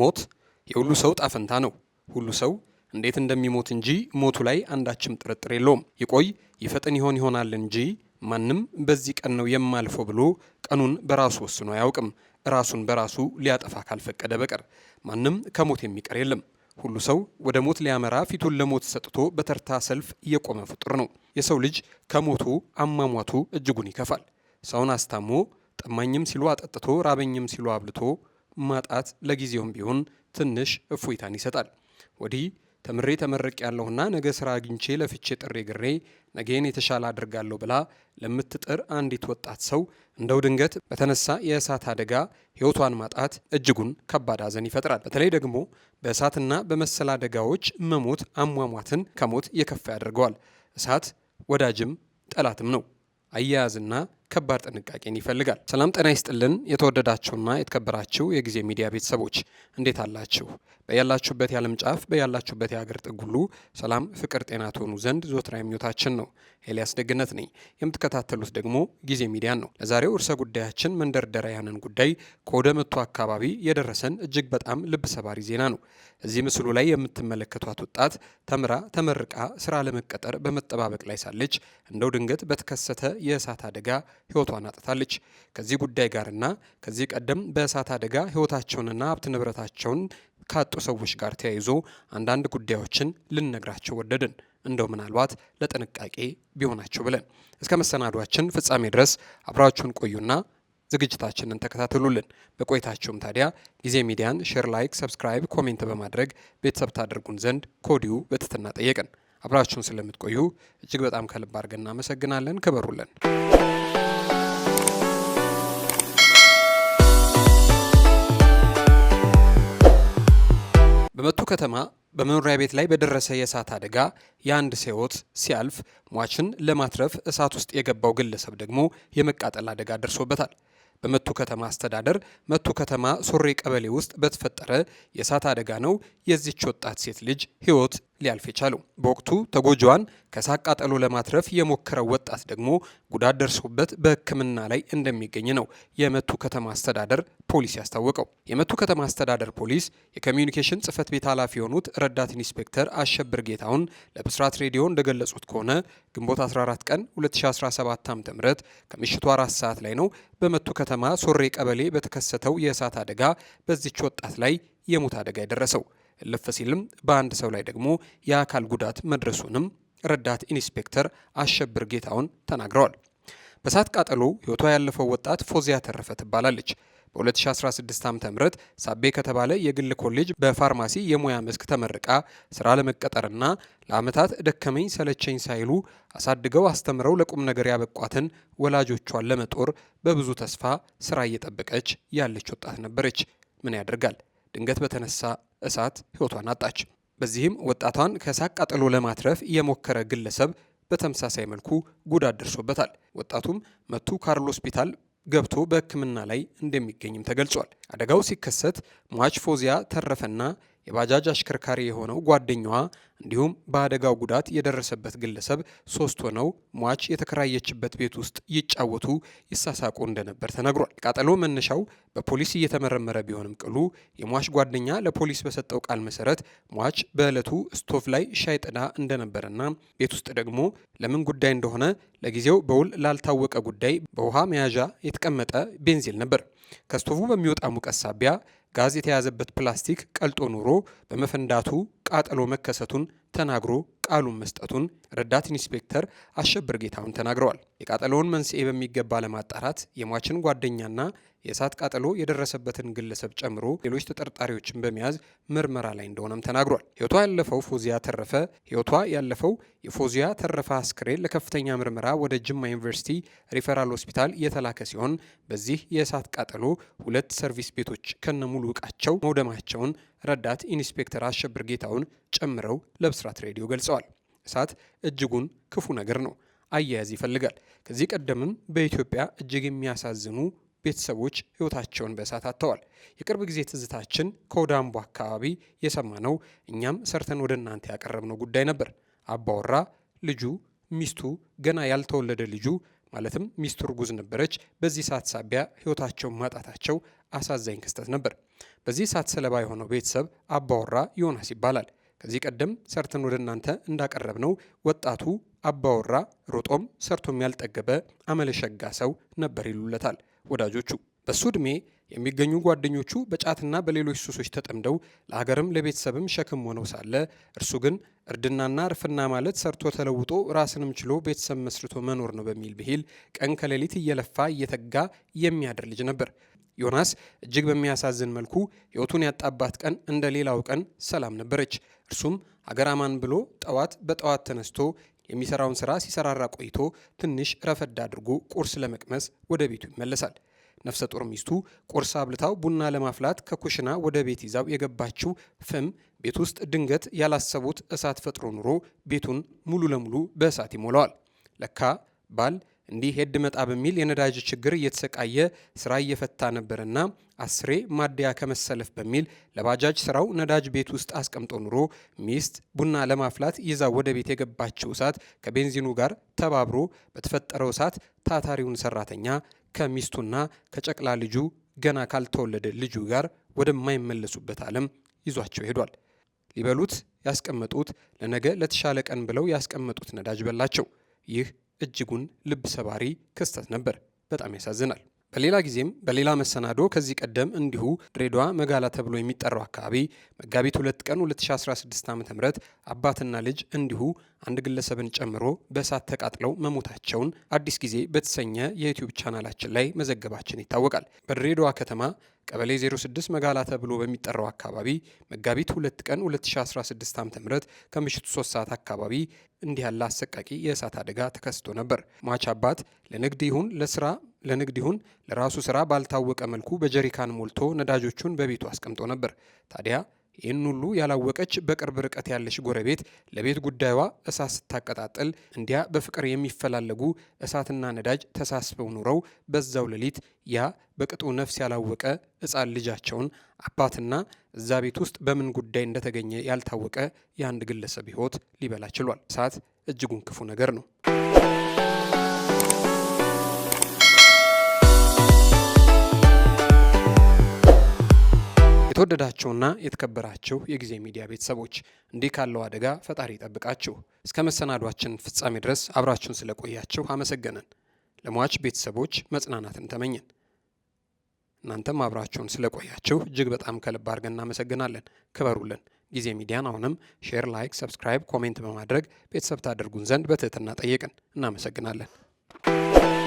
ሞት የሁሉ ሰው ጣፈንታ ነው። ሁሉ ሰው እንዴት እንደሚሞት እንጂ ሞቱ ላይ አንዳችም ጥርጥር የለውም። ይቆይ ይፈጥን ይሆን ይሆናል እንጂ ማንም በዚህ ቀን ነው የማልፈው ብሎ ቀኑን በራሱ ወስኖ አያውቅም፣ ራሱን በራሱ ሊያጠፋ ካልፈቀደ በቀር። ማንም ከሞት የሚቀር የለም። ሁሉ ሰው ወደ ሞት ሊያመራ ፊቱን ለሞት ሰጥቶ በተርታ ሰልፍ እየቆመ ፍጡር ነው። የሰው ልጅ ከሞቱ አሟሟቱ እጅጉን ይከፋል። ሰውን አስታሞ ጠማኝም ሲሉ አጠጥቶ ራበኝም ሲሉ አብልቶ ማጣት ለጊዜውም ቢሆን ትንሽ እፎይታን ይሰጣል። ወዲህ ተምሬ ተመረቅ ያለሁና ነገ ስራ አግኝቼ ለፍቼ ጥሬ ግሬ ነገን የተሻለ አድርጋለሁ ብላ ለምትጥር አንዲት ወጣት ሰው እንደው ድንገት በተነሳ የእሳት አደጋ ሕይወቷን ማጣት እጅጉን ከባድ ሐዘን ይፈጥራል። በተለይ ደግሞ በእሳትና በመሰል አደጋዎች መሞት አሟሟትን ከሞት የከፋ ያደርገዋል። እሳት ወዳጅም ጠላትም ነው። አያያዝና ከባድ ጥንቃቄን ይፈልጋል። ሰላም ጤና ይስጥልን። የተወደዳችሁና የተከበራችሁ የጊዜ ሚዲያ ቤተሰቦች እንዴት አላችሁ? በያላችሁበት የዓለም ጫፍ በያላችሁበት የሀገር ጥግ ሁሉ ሰላም፣ ፍቅር፣ ጤና ትሆኑ ዘንድ ዞትራ ምኞታችን ነው። ኤልያስ ደግነት ነኝ። የምትከታተሉት ደግሞ ጊዜ ሚዲያን ነው። ለዛሬው እርሰ ጉዳያችን መንደርደሪያ ያንን ጉዳይ ከወደ መቶ አካባቢ የደረሰን እጅግ በጣም ልብ ሰባሪ ዜና ነው። እዚህ ምስሉ ላይ የምትመለከቷት ወጣት ተምራ ተመርቃ ስራ ለመቀጠር በመጠባበቅ ላይ ሳለች እንደው ድንገት በተከሰተ የእሳት አደጋ ህይወቷን አጥታለች። ከዚህ ጉዳይ ጋርና ከዚህ ቀደም በእሳት አደጋ ህይወታቸውንና ሀብት ንብረታቸውን ካጡ ሰዎች ጋር ተያይዞ አንዳንድ ጉዳዮችን ልንነግራቸው ወደድን። እንደው ምናልባት ለጥንቃቄ ቢሆናቸው ብለን እስከ መሰናዷችን ፍጻሜ ድረስ አብራችሁን ቆዩና ዝግጅታችንን ተከታተሉልን። በቆይታችሁም ታዲያ ጊዜ ሚዲያን ሼር፣ ላይክ፣ ሰብስክራይብ፣ ኮሜንት በማድረግ ቤተሰብ ታደርጉን ዘንድ ኮዲው በትህትና ጠየቅን። አብራችሁን ስለምትቆዩ እጅግ በጣም ከልብ አድርገን እናመሰግናለን። ክበሩልን። በመቱ ከተማ በመኖሪያ ቤት ላይ በደረሰ የእሳት አደጋ የአንድ ሰው ሕይወት ሲያልፍ ሟችን ለማትረፍ እሳት ውስጥ የገባው ግለሰብ ደግሞ የመቃጠል አደጋ ደርሶበታል። በመቱ ከተማ አስተዳደር መቱ ከተማ ሶሬ ቀበሌ ውስጥ በተፈጠረ የእሳት አደጋ ነው የዚች ወጣት ሴት ልጅ ሕይወት ሊያልፍ የቻለው። በወቅቱ ተጎጂዋን ከሳቃጠሎ ቃጠሎ ለማትረፍ የሞከረው ወጣት ደግሞ ጉዳት ደርሶበት በሕክምና ላይ እንደሚገኝ ነው የመቱ ከተማ አስተዳደር ፖሊስ ያስታወቀው። የመቱ ከተማ አስተዳደር ፖሊስ የኮሚዩኒኬሽን ጽህፈት ቤት ኃላፊ የሆኑት ረዳት ኢንስፔክተር አሸብር ጌታውን ለብስራት ሬዲዮ እንደገለጹት ከሆነ ግንቦት 14 ቀን 2017 ዓ.ም ከምሽቱ አራት ሰዓት ላይ ነው በመቱ ከተማ ሶሬ ቀበሌ በተከሰተው የእሳት አደጋ በዚች ወጣት ላይ የሞት አደጋ የደረሰው። እልፍ ሲልም በአንድ ሰው ላይ ደግሞ የአካል ጉዳት መድረሱንም ረዳት ኢንስፔክተር አሸብር ጌታውን ተናግረዋል። በእሳት ቃጠሎ ሕይወቷ ያለፈው ወጣት ፎዚያ ተረፈ ትባላለች። በ2016 ዓ ም ሳቤ ከተባለ የግል ኮሌጅ በፋርማሲ የሙያ መስክ ተመርቃ ስራ ለመቀጠርና ለዓመታት ደከመኝ ሰለቸኝ ሳይሉ አሳድገው አስተምረው ለቁም ነገር ያበቋትን ወላጆቿን ለመጦር በብዙ ተስፋ ስራ እየጠበቀች ያለች ወጣት ነበረች። ምን ያደርጋል ድንገት በተነሳ እሳት ህይወቷን አጣች። በዚህም ወጣቷን ከእሳት ቃጠሎ ለማትረፍ የሞከረ ግለሰብ በተመሳሳይ መልኩ ጉዳት ደርሶበታል። ወጣቱም መቱ ካርሎ ሆስፒታል ገብቶ በሕክምና ላይ እንደሚገኝም ተገልጿል። አደጋው ሲከሰት ሟች ፎዚያ ተረፈና የባጃጅ አሽከርካሪ የሆነው ጓደኛዋ እንዲሁም በአደጋው ጉዳት የደረሰበት ግለሰብ ሶስት ሆነው ሟች የተከራየችበት ቤት ውስጥ ይጫወቱ ይሳሳቁ እንደነበር ተነግሯል። ቃጠሎ መነሻው በፖሊስ እየተመረመረ ቢሆንም ቅሉ የሟች ጓደኛ ለፖሊስ በሰጠው ቃል መሰረት ሟች በዕለቱ ስቶቭ ላይ ሻይ ጥዳ እንደነበረና ቤት ውስጥ ደግሞ ለምን ጉዳይ እንደሆነ ለጊዜው በውል ላልታወቀ ጉዳይ በውሃ መያዣ የተቀመጠ ቤንዚል ነበር። ከስቶቭ በሚወጣ ሙቀት ሳቢያ ጋዝ የተያዘበት ፕላስቲክ ቀልጦ ኑሮ በመፈንዳቱ ቃጠሎ መከሰቱን ተናግሮ ቃሉን መስጠቱን ረዳት ኢንስፔክተር አሸብር ጌታሁን ተናግረዋል። የቃጠሎውን መንስኤ በሚገባ ለማጣራት የሟችን ጓደኛና የእሳት ቃጠሎ የደረሰበትን ግለሰብ ጨምሮ ሌሎች ተጠርጣሪዎችን በመያዝ ምርመራ ላይ እንደሆነም ተናግሯል። ህይወቷ ያለፈው ፎዚያ ተረፈ ህይወቷ ያለፈው የፎዚያ ተረፈ አስክሬን ለከፍተኛ ምርመራ ወደ ጅማ ዩኒቨርሲቲ ሪፈራል ሆስፒታል የተላከ ሲሆን በዚህ የእሳት ቃጠሎ ሁለት ሰርቪስ ቤቶች ከነሙሉ እቃቸው መውደማቸውን ረዳት ኢንስፔክተር አሸብር ጌታውን ጨምረው ለብስራት ሬዲዮ ገልጸዋል። እሳት እጅጉን ክፉ ነገር ነው፣ አያያዝ ይፈልጋል። ከዚህ ቀደምም በኢትዮጵያ እጅግ የሚያሳዝኑ ቤተሰቦች ህይወታቸውን በእሳት አጥተዋል። የቅርብ ጊዜ ትዝታችን ከወዳምቦ አካባቢ የሰማነው እኛም ሰርተን ወደ እናንተ ያቀረብነው ጉዳይ ነበር። አባወራ ልጁ ሚስቱ ገና ያልተወለደ ልጁ ማለትም ሚስቱ እርጉዝ ነበረች። በዚህ ሰዓት ሳቢያ ህይወታቸውን ማጣታቸው አሳዛኝ ክስተት ነበር። በዚህ እሳት ሰለባ የሆነው ቤተሰብ አባወራ ዮናስ ይባላል። ከዚህ ቀደም ሰርተን ወደ እናንተ እንዳቀረብ ነው ወጣቱ አባወራ ሮጦም ሰርቶም ያልጠገበ አመለሸጋ ሰው ነበር ይሉለታል ወዳጆቹ። በሱ ዕድሜ የሚገኙ ጓደኞቹ በጫትና በሌሎች ሱሶች ተጠምደው ለሀገርም ለቤተሰብም ሸክም ሆነው ሳለ እርሱ ግን እርድናና እርፍና ማለት ሰርቶ ተለውጦ ራስንም ችሎ ቤተሰብ መስርቶ መኖር ነው በሚል ብሂል ቀን ከሌሊት እየለፋ እየተጋ የሚያድር ልጅ ነበር። ዮናስ እጅግ በሚያሳዝን መልኩ ሕይወቱን ያጣባት ቀን እንደ ሌላው ቀን ሰላም ነበረች። እርሱም አገራማን ብሎ ጠዋት በጠዋት ተነስቶ የሚሰራውን ስራ ሲሰራራ ቆይቶ ትንሽ ረፈድ አድርጎ ቁርስ ለመቅመስ ወደ ቤቱ ይመለሳል። ነፍሰ ጡር ሚስቱ ቁርስ አብልታው ቡና ለማፍላት ከኩሽና ወደ ቤት ይዛው የገባችው ፍም ቤት ውስጥ ድንገት ያላሰቡት እሳት ፈጥሮ ኑሮ ቤቱን ሙሉ ለሙሉ በእሳት ይሞላዋል። ለካ ባል እንዲህ ሄድ መጣ በሚል የነዳጅ ችግር እየተሰቃየ ስራ እየፈታ ነበርና አስሬ ማደያ ከመሰለፍ በሚል ለባጃጅ ስራው ነዳጅ ቤት ውስጥ አስቀምጦ ኑሮ ሚስት ቡና ለማፍላት ይዛ ወደ ቤት የገባችው እሳት ከቤንዚኑ ጋር ተባብሮ በተፈጠረው እሳት ታታሪውን ሰራተኛ ከሚስቱና ከጨቅላ ልጁ ገና ካልተወለደ ልጁ ጋር ወደማይመለሱበት ዓለም ይዟቸው ሄዷል። ሊበሉት ያስቀመጡት ለነገ ለተሻለ ቀን ብለው ያስቀመጡት ነዳጅ በላቸው። ይህ እጅጉን ልብ ሰባሪ ክስተት ነበር። በጣም ያሳዝናል። በሌላ ጊዜም በሌላ መሰናዶ ከዚህ ቀደም እንዲሁ ድሬዳዋ መጋላ ተብሎ የሚጠራው አካባቢ መጋቢት ሁለት ቀን 2016 ዓ ም አባትና ልጅ እንዲሁ አንድ ግለሰብን ጨምሮ በእሳት ተቃጥለው መሞታቸውን አዲስ ጊዜ በተሰኘ የዩትዩብ ቻናላችን ላይ መዘገባችን ይታወቃል። በድሬዳዋ ከተማ ቀበሌ 06 መጋላ ተብሎ በሚጠራው አካባቢ መጋቢት ሁለት ቀን 2016 ዓ ም ከምሽቱ 3 ሰዓት አካባቢ እንዲህ ያለ አሰቃቂ የእሳት አደጋ ተከስቶ ነበር። ሟች አባት ለንግድ ይሁን ለስራ ለንግድ ይሁን ለራሱ ስራ ባልታወቀ መልኩ በጀሪካን ሞልቶ ነዳጆቹን በቤቱ አስቀምጦ ነበር። ታዲያ ይህን ሁሉ ያላወቀች በቅርብ ርቀት ያለች ጎረቤት ለቤት ጉዳዩዋ እሳት ስታቀጣጥል እንዲያ በፍቅር የሚፈላለጉ እሳትና ነዳጅ ተሳስበው ኑረው በዛው ሌሊት ያ በቅጡ ነፍስ ያላወቀ ሕፃን ልጃቸውን አባትና እዛ ቤት ውስጥ በምን ጉዳይ እንደተገኘ ያልታወቀ የአንድ ግለሰብ ሕይወት ሊበላ ችሏል። እሳት እጅጉን ክፉ ነገር ነው። የተወደዳችሁና የተከበራችሁ የጊዜ ሚዲያ ቤተሰቦች እንዲህ ካለው አደጋ ፈጣሪ ይጠብቃችሁ። እስከ መሰናዷችን ፍጻሜ ድረስ አብራችሁን ስለቆያችሁ አመሰገነን። ለሟች ቤተሰቦች መጽናናትን ተመኘን። እናንተም አብራችሁን ስለቆያችሁ እጅግ በጣም ከልብ አድርገን እናመሰግናለን። ክበሩልን። ጊዜ ሚዲያን አሁንም ሼር፣ ላይክ፣ ሰብስክራይብ፣ ኮሜንት በማድረግ ቤተሰብ ታደርጉን ዘንድ በትህትና ጠየቅን። እናመሰግናለን።